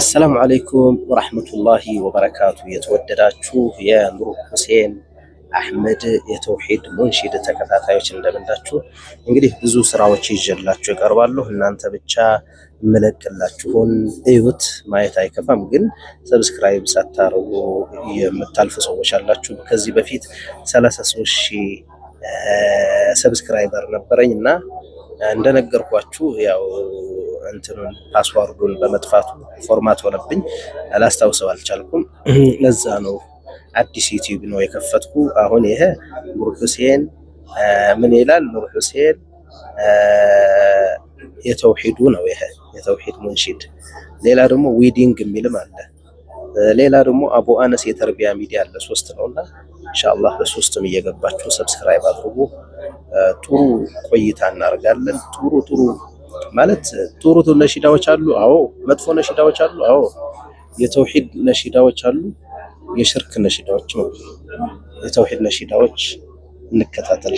አሰላሙ አለይኩም ወራህመቱላሂ ወበረካቱ። የተወደዳችሁ የኑር ሁሴን አህመድ የተውሂድ ሙንሺድ ተከታታዮች እንደምንዳችሁ፣ እንግዲህ ብዙ ስራዎች ይዤላችሁ እቀርባለሁ። እናንተ ብቻ የምለቅላችሁን እዩት፣ ማየት አይከፋም። ግን ሰብስክራይብ ሳታርጉ የምታልፉ ሰዎች አላችሁ። ከዚህ በፊት ሰላሳ ሶስት ሺህ ሰብስክራይበር ነበረኝ እና እንደነገርኳችሁ ያው እንትኑን ፓስዋርዱን በመጥፋቱ ፎርማት ሆነብኝ፣ ላስታውሰው አልቻልኩም። ለዛ ነው አዲስ ዩቲዩብ ነው የከፈትኩ። አሁን ይሄ ኑር ሁሴን ምን ይላል? ኑር ሁሴን የተውሂዱ ነው ይሄ የተውሂድ ሙንሺድ። ሌላ ደግሞ ዊዲንግ የሚልም አለ። ሌላ ደግሞ አቡ አነስ የተርቢያ ሚዲያ አለ። ሶስት ነውና ኢንሻአላህ በሶስትም እየገባችሁ ሰብስክራይብ አድርጉ። ጥሩ ቆይታ እናደርጋለን። ጥሩ ጥሩ ማለት ጥሩ ነሺዳዎች አሉ። አዎ፣ መጥፎ ነሺዳዎች አሉ። አዎ፣ የተውሂድ ነሺዳዎች አሉ፣ የሽርክ ነሺዳዎች። የተውሂድ ነሺዳዎች እንከታተል።